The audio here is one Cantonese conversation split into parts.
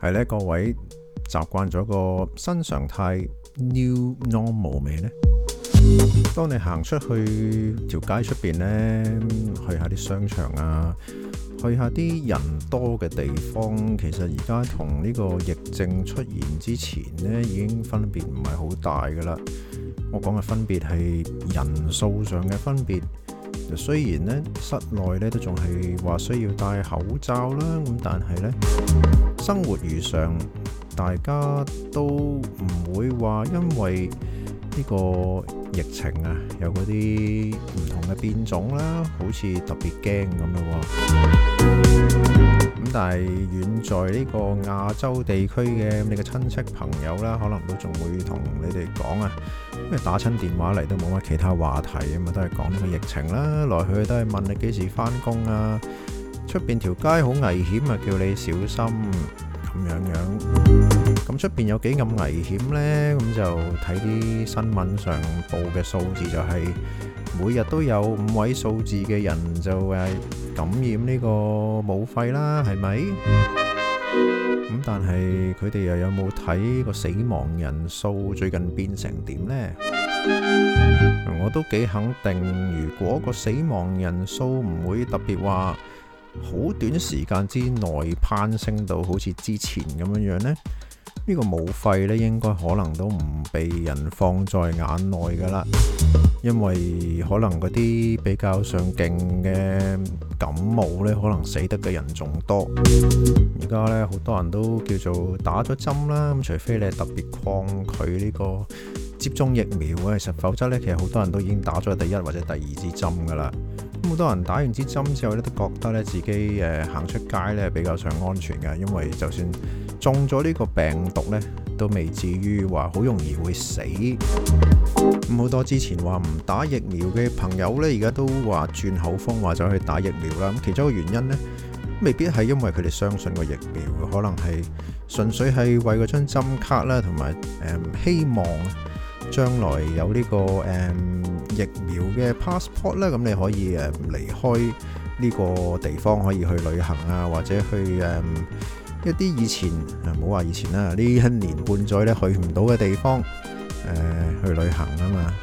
係呢，各位習慣咗個新常態 （new normal） 未呢？當你行出去條街出邊呢，去下啲商場啊，去下啲人多嘅地方，其實而家同呢個疫症出現之前呢，已經分別唔係好大噶啦。我講嘅分別係人數上嘅分別。雖然呢室內呢都仲係話需要戴口罩啦，咁但係呢。生活如常，大家都唔會話因為呢個疫情啊，有嗰啲唔同嘅變種啦，好似特別驚咁咯。咁 但係遠在呢個亞洲地區嘅你嘅親戚朋友啦，可能都仲會同你哋講啊，因為打親電話嚟都冇乜其他話題，咁嘛，都係講呢個疫情啦，來去都係問你幾時返工啊。出面條街好危險啊！叫你小心咁樣樣。咁出面有幾咁危險呢？咁就睇啲新聞上報嘅數字，就係每日都有五位數字嘅人就誒，感染呢個武肺啦，係咪？咁但係佢哋又有冇睇個死亡人數最近變成點呢？我都幾肯定，如果個死亡人數唔會特別話。好短時間之內攀升到好似之前咁樣樣咧，呢、呢個武肺呢，應該可能都唔被人放在眼內噶啦，因為可能嗰啲比較上勁嘅感冒呢，可能死得嘅人仲多。而家呢，好多人都叫做打咗針啦，咁除非你特別抗拒呢個接種疫苗嘅實，否則呢，其實好多人都已經打咗第一或者第二支針噶啦。咁好多人打完支針之後咧，都覺得咧自己誒行出街咧比較上安全嘅，因為就算中咗呢個病毒咧，都未至於話好容易會死。咁好多之前話唔打疫苗嘅朋友咧，而家都話轉口風，話走去打疫苗啦。咁其中一個原因咧，未必係因為佢哋相信個疫苗，可能係純粹係為咗張針卡啦，同埋誒希望。將來有呢、這個誒、嗯、疫苗嘅 passport 咧，咁你可以誒離開呢個地方，可以去旅行啊，或者去誒、嗯、一啲以前啊，唔好話以前啦，呢一年半載咧去唔到嘅地方誒、呃、去旅行啊嘛。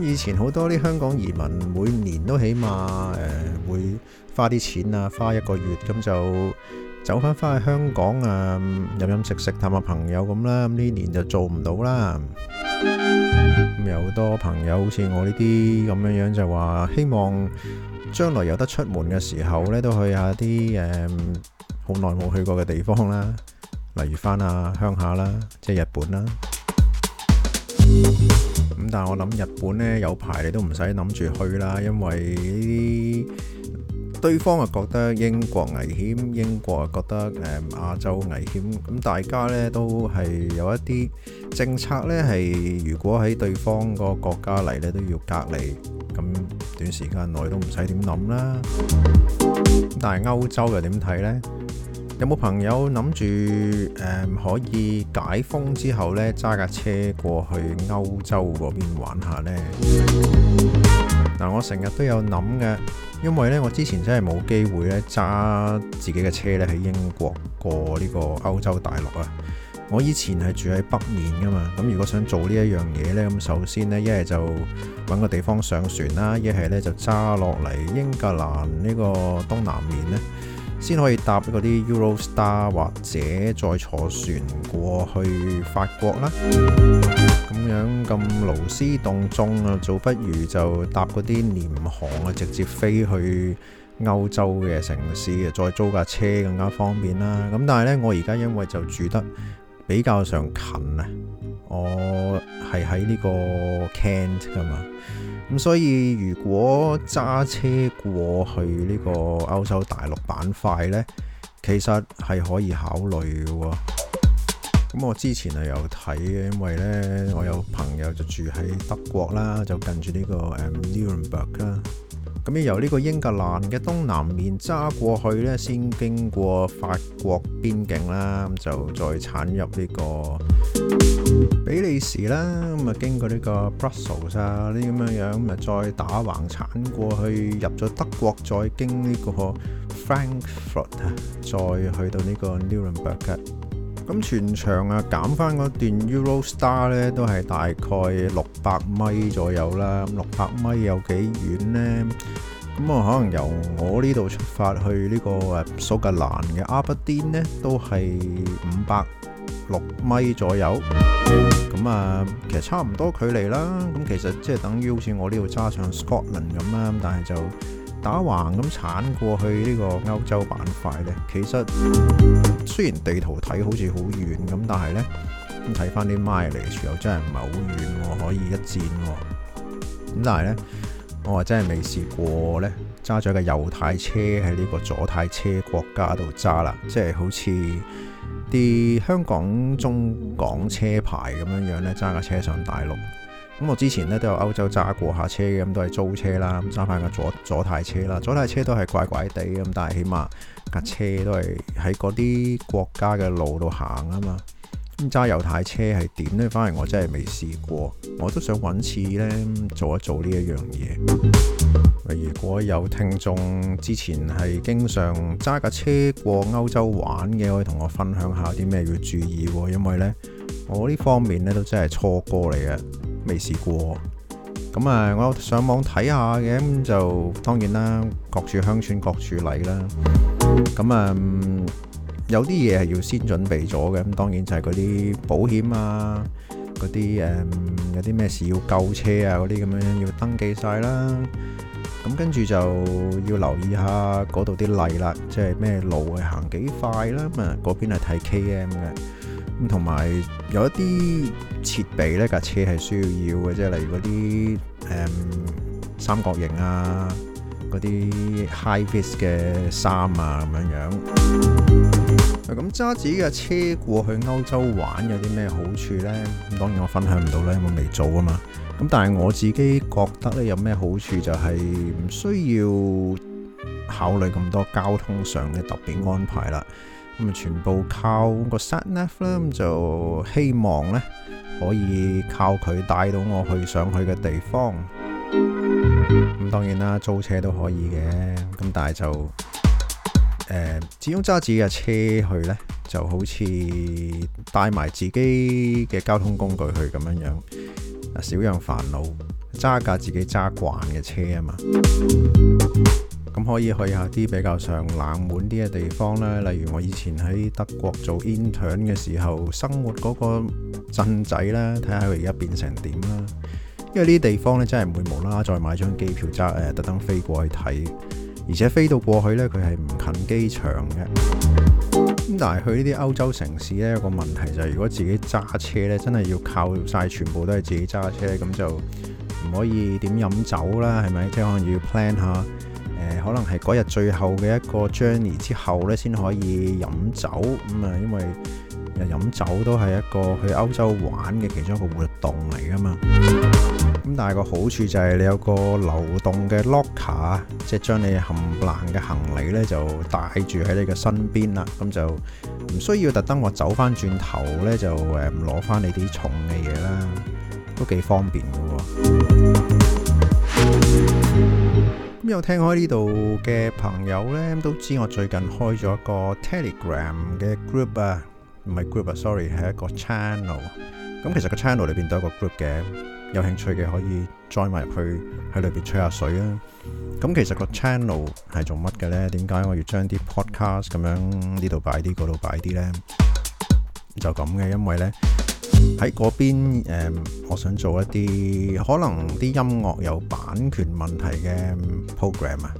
以前好多啲香港移民每年都起碼誒、呃、會花啲錢啊，花一個月咁就。走返返去香港啊，飲、嗯、飲食食探下朋友咁啦，咁、嗯、呢年就做唔到啦。咁有好多朋友好似我呢啲咁樣樣，就話希望將來有得出門嘅時候呢，都去下啲誒，好耐冇去過嘅地方啦。例如翻下鄉下啦，即係日本啦。咁、嗯、但係我諗日本呢，有排你都唔使諗住去啦，因為呢啲。對方啊覺得英國危險，英國啊覺得誒亞洲危險，咁大家呢都係有一啲政策呢，係如果喺對方個國家嚟呢都要隔離，咁短時間內都唔使點諗啦。但係歐洲又點睇呢？有冇朋友諗住誒可以解封之後呢揸架車過去歐洲嗰邊玩下呢？嗱、啊，我成日都有諗嘅，因為呢，我之前真係冇機會咧，揸自己嘅車咧喺英國過呢個歐洲大陸啊！我以前係住喺北面噶嘛，咁如果想做呢一樣嘢呢，咁首先呢，一係就揾個地方上船啦、啊，一係呢就揸落嚟英格蘭呢個東南面呢。先可以搭嗰啲 Eurostar 或者再坐船過去法國啦，咁樣咁勞師動眾啊，就不如就搭嗰啲廉航啊，直接飛去歐洲嘅城市，再租架車更加方便啦。咁但係呢，我而家因為就住得比較上近啊，我。係喺呢個 Kent 㗎嘛，咁所以如果揸車過去呢個歐洲大陸板塊呢，其實係可以考慮嘅喎。咁我之前係有睇嘅，因為呢，我有朋友就住喺德國啦，就近住呢個誒 Nuremberg 啦。咁要由呢個英格蘭嘅東南面揸過去咧，先經過法國邊境啦，咁就再鏟入呢個比利時啦，咁啊經過呢個 Brussels 啊啲咁樣樣，咁啊再打橫鏟過去，入咗德國，再經呢個 Frankfurt 啊，再去到呢個 Nuremberg。咁全場啊減翻嗰段 Eurostar 咧，都係大概六百米左右啦。咁六百米有幾遠呢？咁啊，可能由我呢度出發去呢、呢個誒、啊、蘇格蘭嘅 Aberdeen 呢都係五百六米左右。咁啊，其實差唔多距離啦。咁其實即係等於好似我呢度揸上 Scotland 咁啦。咁但係就～打橫咁鏟過去呢個歐洲板塊呢，其實雖然地圖睇好似好遠咁，但係呢，睇翻啲 mileage 又真係唔係好遠喎，可以一戰喎。咁但係呢，我話真係未試過呢揸咗個右軚車喺呢個左軚車國家度揸啦，即係好似啲香港中港車牌咁樣樣呢，揸架車上大陸。咁我之前咧都有歐洲揸過下車嘅，咁都係租車啦，揸翻架左左太車啦，左太車都係怪怪地咁，但係起碼架車都係喺嗰啲國家嘅路度行啊嘛。揸右太車係點呢？反而我真係未試過，我都想揾次呢做一做呢一樣嘢。如果有聽眾之前係經常揸架車過歐洲玩嘅，可以同我分享下啲咩要注意，因為呢，我呢方面呢都真係初哥嚟嘅。未試過，咁啊，我上網睇下嘅，咁就當然啦，各處鄉村各處例啦，咁啊，有啲嘢係要先準備咗嘅，咁當然就係嗰啲保險啊，嗰啲誒，有啲咩事要救車啊，嗰啲咁樣要登記晒啦，咁跟住就要留意下嗰度啲例啦，即係咩路係行幾快啦，咁啊，嗰邊係睇 KM 嘅。同埋有一啲設備咧，架車係需要要嘅，即係例如嗰啲誒三角形啊，嗰啲 high vis 嘅衫啊咁樣樣。咁 揸樂自己架車過去歐洲玩有啲咩好處咧？咁當然我分享唔到啦，有冇未做啊嘛。咁但係我自己覺得咧，有咩好處就係唔需要考慮咁多交通上嘅特別安排啦。咁全部靠個 satnav 就希望呢可以靠佢帶到我去想去嘅地方。咁當然啦，租車都可以嘅，咁但係就、呃、始終揸自己嘅車去呢，就好似帶埋自己嘅交通工具去咁樣樣，少樣煩惱，揸架自己揸慣嘅車啊嘛。咁可以去下啲比較上冷門啲嘅地方啦，例如我以前喺德國做 intern 嘅時候，生活嗰個鎮仔啦，睇下佢而家變成點啦。因為呢啲地方咧，真係唔會無啦啦再買張機票揸誒特登飛過去睇，而且飛到過去呢，佢係唔近機場嘅。咁但係去呢啲歐洲城市呢，有個問題就係、是、如果自己揸車呢，真係要靠晒全部都係自己揸車，咁就唔可以點飲酒啦，係咪？即係可能要 plan 下。誒，可能係嗰日最後嘅一個 journey 之後咧，先可以飲酒咁啊，因為誒飲酒都係一個去歐洲玩嘅其中一個活動嚟噶嘛。咁但係個好處就係你有個流動嘅 locker，即係將你冚爛嘅行李咧就帶住喺你嘅身邊啦，咁就唔需要特登話走翻轉頭咧就誒攞翻你啲重嘅嘢啦，都幾方便噶喎。有聽開呢度嘅朋友呢，都知我最近開咗一個 Telegram 嘅 group 啊，唔係 group 啊，sorry，係一個 channel。咁其實個 channel 裏邊都有個 group 嘅，有興趣嘅可以 join 埋入去，喺裏邊吹下水啊。咁其實個 channel 係做乜嘅呢？點解我要將啲 podcast 咁樣呢度擺啲，嗰度擺啲呢？就咁嘅，因為呢。喺嗰邊誒，我想做一啲可能啲音樂有版權問題嘅、嗯、program 啊，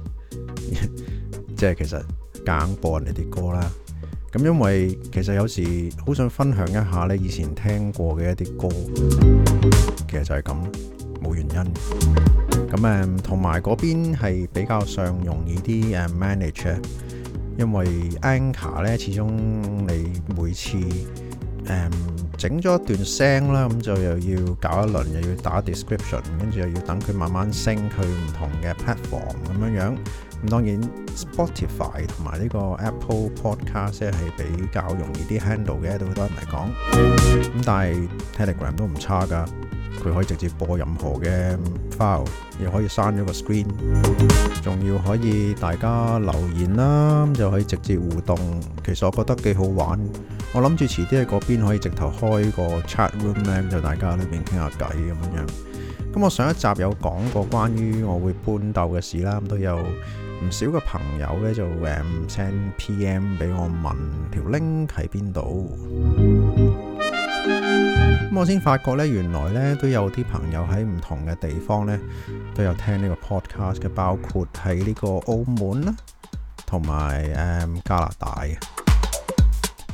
即係其實揀播人哋啲歌啦。咁因為其實有時好想分享一下咧，以前聽過嘅一啲歌，其實就係咁冇原因。咁誒，同埋嗰邊係比較上容易啲誒 manage 啊，因為 Anchor 咧，始終你每次。誒，整咗一段聲啦，咁就又要搞一輪，又要打 description，跟住又要等佢慢慢升佢唔同嘅 platform 咁樣樣。咁當然 Spotify 同埋呢個 Apple Podcast 係比較容易啲 handle 嘅，對好多人嚟講。咁但係 Telegram 都唔差噶，佢可以直接播任何嘅 file，又可以刪咗個 screen，仲要可以大家留言啦，就可以直接互動。其實我覺得幾好玩。我諗住遲啲喺嗰邊可以直頭開個 chat room 咧，就大家喺邊傾下偈咁樣。咁我上一集有講過關於我會搬竇嘅事啦，咁都有唔少嘅朋友咧就誒、um, send PM 俾我問條 link 喺邊度。咁我先發覺呢，原來呢都有啲朋友喺唔同嘅地方呢，都有聽呢個 podcast 嘅，包括喺呢個澳門啦，同埋誒加拿大嘅。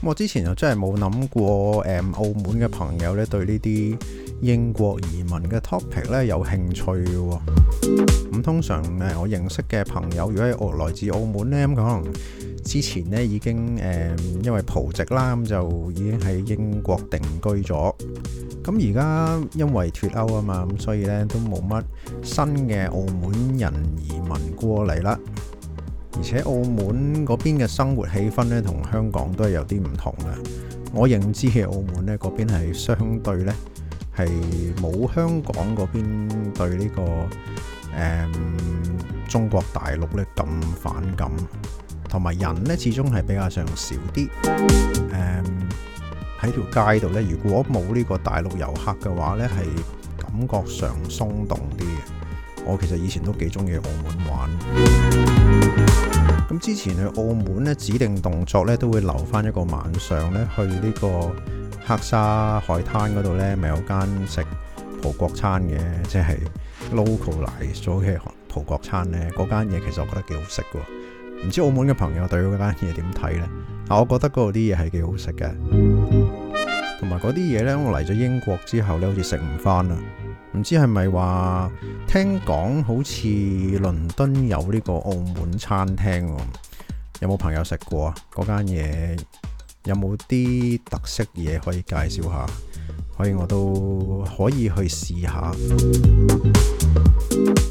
我之前又真係冇諗過，誒、嗯、澳門嘅朋友咧，對呢啲英國移民嘅 topic 咧有興趣喎，哦。咁、嗯、通常誒、啊、我認識嘅朋友，如果係澳來自澳門呢，咁可能之前咧已經誒因為葡籍啦，咁、嗯、就已經喺英國定居咗。咁而家因為脫歐啊嘛，咁所以呢都冇乜新嘅澳門人移民過嚟啦。而且澳門嗰邊嘅生活氣氛咧，同香港都係有啲唔同嘅。我認知嘅澳門咧，嗰邊係相對咧係冇香港嗰邊對呢、這個誒、嗯、中國大陸咧咁反感，同埋人咧始終係比較上少啲。誒、嗯、喺條街度咧，如果冇呢個大陸遊客嘅話咧，係感覺上鬆動啲嘅。我其實以前都幾中意澳門玩。咁之前去澳門咧，指定動作咧都會留翻一個晚上咧，去呢個黑沙海灘嗰度呢，咪有間食葡國餐嘅，即係 local 嚟咗嘅葡國餐呢，嗰間嘢其實我覺得幾好食噶，唔知澳門嘅朋友對嗰間嘢點睇呢？嗱，我覺得嗰度啲嘢係幾好食嘅，同埋嗰啲嘢呢，我嚟咗英國之後呢，好似食唔返啦。唔知係咪話聽講好似倫敦有呢個澳門餐廳，有冇朋友食過啊？嗰間嘢有冇啲特色嘢可以介紹下，所以我都可以去試下。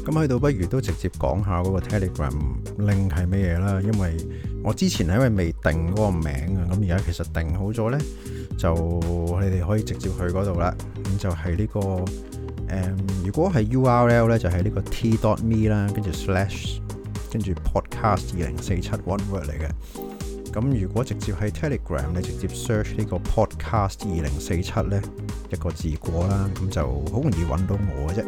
咁去到不如都直接講下嗰個 Telegram link 係咩嘢啦？因為我之前係因為未定嗰個名啊，咁而家其實定好咗呢，就你哋可以直接去嗰度啦。咁就係呢個。誒，um, 如果係 URL 咧，就係呢個 t.me 啦，跟住 slash，跟住 podcast 二零四七 one word 嚟嘅。咁如果直接喺 Telegram 咧，你直接 search 呢個 podcast 二零四七咧，一個字過啦，咁就好容易揾到我嘅啫。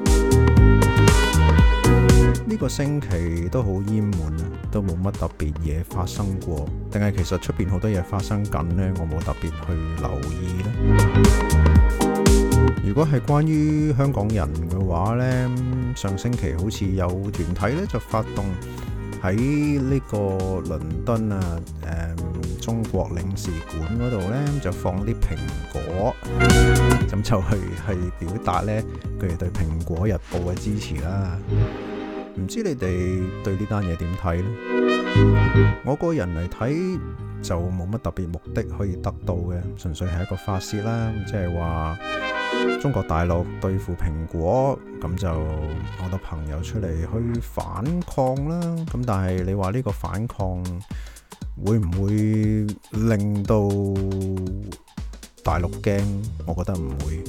呢 個星期都好淹悶啊，都冇乜特別嘢發生過，定係其實出邊好多嘢發生緊咧，我冇特別去留意咧。如果係關於香港人嘅話呢，上星期好似有團體呢就發動喺呢個倫敦呃中國領事館嗰度呢，就放啲蘋果，去去表達呢佢哋對蘋果日報嘅支持啦。唔知你哋對呢單嘢點睇呢？我個人嚟睇就冇乜特別目的可以得到嘅，純粹係一個發洩啦，即係話。中國大陸對付蘋果，咁就我嘅朋友出嚟去反抗啦。咁但係你話呢個反抗會唔會令到大陸驚？我覺得唔會。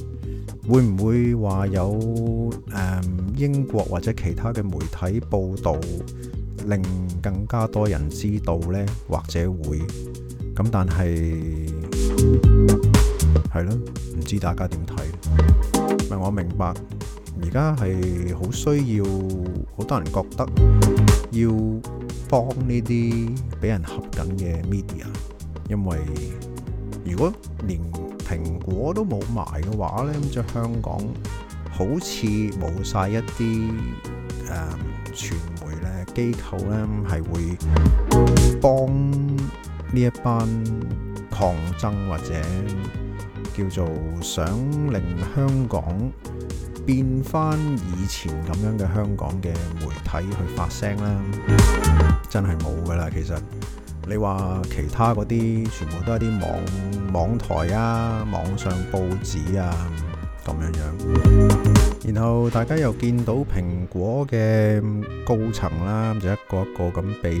會唔會話有誒、嗯、英國或者其他嘅媒體報道，令更加多人知道呢？或者會？咁但係。係咯，唔知大家點睇？咪我明白，而家係好需要，好多人覺得要幫呢啲俾人合緊嘅 media，因為如果連蘋果都冇埋嘅話咧，咁喺香港好似冇晒一啲誒傳媒咧機構咧係會幫呢一班抗爭或者。叫做想令香港變返以前咁樣嘅香港嘅媒體去發聲啦，真係冇噶啦。其實你話其他嗰啲全部都係啲網網台啊、網上報紙啊咁樣樣。然後大家又見到蘋果嘅高層啦，就一個一個咁俾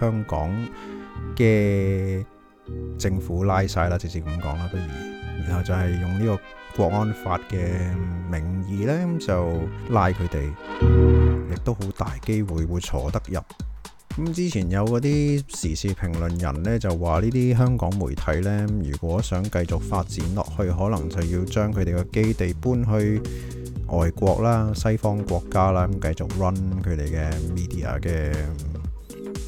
香港嘅政府拉晒啦，直接咁講啦，不如。然後就係用呢個國安法嘅名義呢，就拉佢哋，亦都好大機會會坐得入。咁之前有嗰啲時事評論人呢，就話呢啲香港媒體呢，如果想繼續發展落去，可能就要將佢哋嘅基地搬去外國啦、西方國家啦，咁繼續 run 佢哋嘅 media 嘅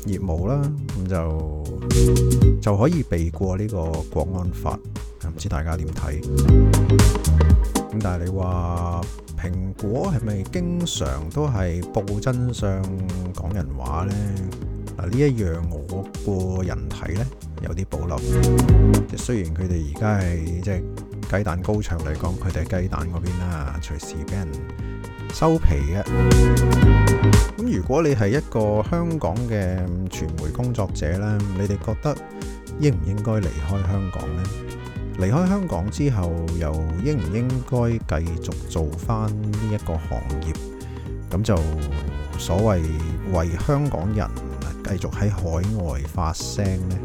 業務啦，咁就就可以避過呢個國安法。唔知大家點睇？咁但係你話蘋果係咪經常都係報真相、講人話呢？嗱，呢一樣我個人睇呢有啲保留。即係雖然佢哋而家係即係雞蛋高牆嚟講，佢哋雞蛋嗰邊啦，隨時俾人收皮嘅。咁如果你係一個香港嘅傳媒工作者呢，你哋覺得應唔應該離開香港呢？離開香港之後，又應唔應該繼續做翻呢一個行業？咁就所謂為香港人繼續喺海外發聲呢？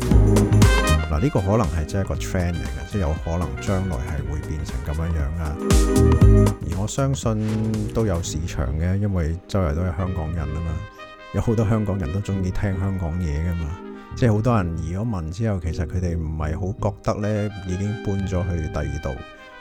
嗱，呢個可能係真係一個 trend 嚟嘅，即係有可能將來係會變成咁樣樣啊。而我相信都有市場嘅，因為周圍都係香港人啊嘛，有好多香港人都中意聽香港嘢噶嘛。即係好多人移咗民之後，其實佢哋唔係好覺得呢已經搬咗去第二度。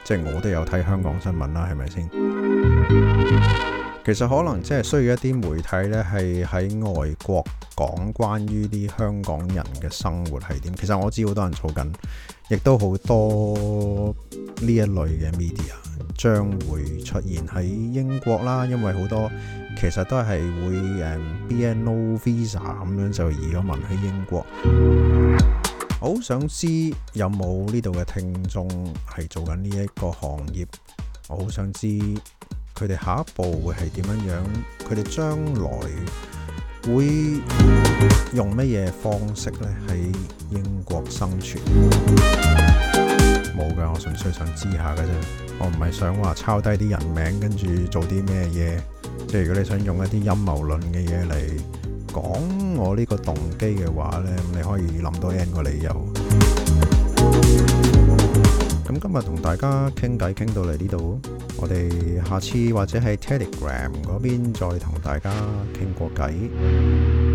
即係我都有睇香港新聞啦，係咪先？ 其實可能即係需要一啲媒體呢，係喺外國講關於啲香港人嘅生活係點。其實我知好多人做緊，亦都好多呢一類嘅 media 將會出現喺英國啦，因為好多。其實都係會誒，BNO Visa 咁樣就移咗民去英國。我好想知有冇呢度嘅聽眾係做緊呢一個行業？我好想知佢哋下一步會係點樣樣？佢哋將來會用乜嘢方式咧喺英國生存？冇㗎，我純粹想知下㗎啫。我唔係想話抄低啲人名，跟住做啲咩嘢。即係如果你想用一啲陰謀論嘅嘢嚟講我呢個動機嘅話呢，你可以諗到 N 個理由。咁 今日同大家傾偈傾到嚟呢度，我哋下次或者係 Telegram 嗰邊再同大家傾過偈。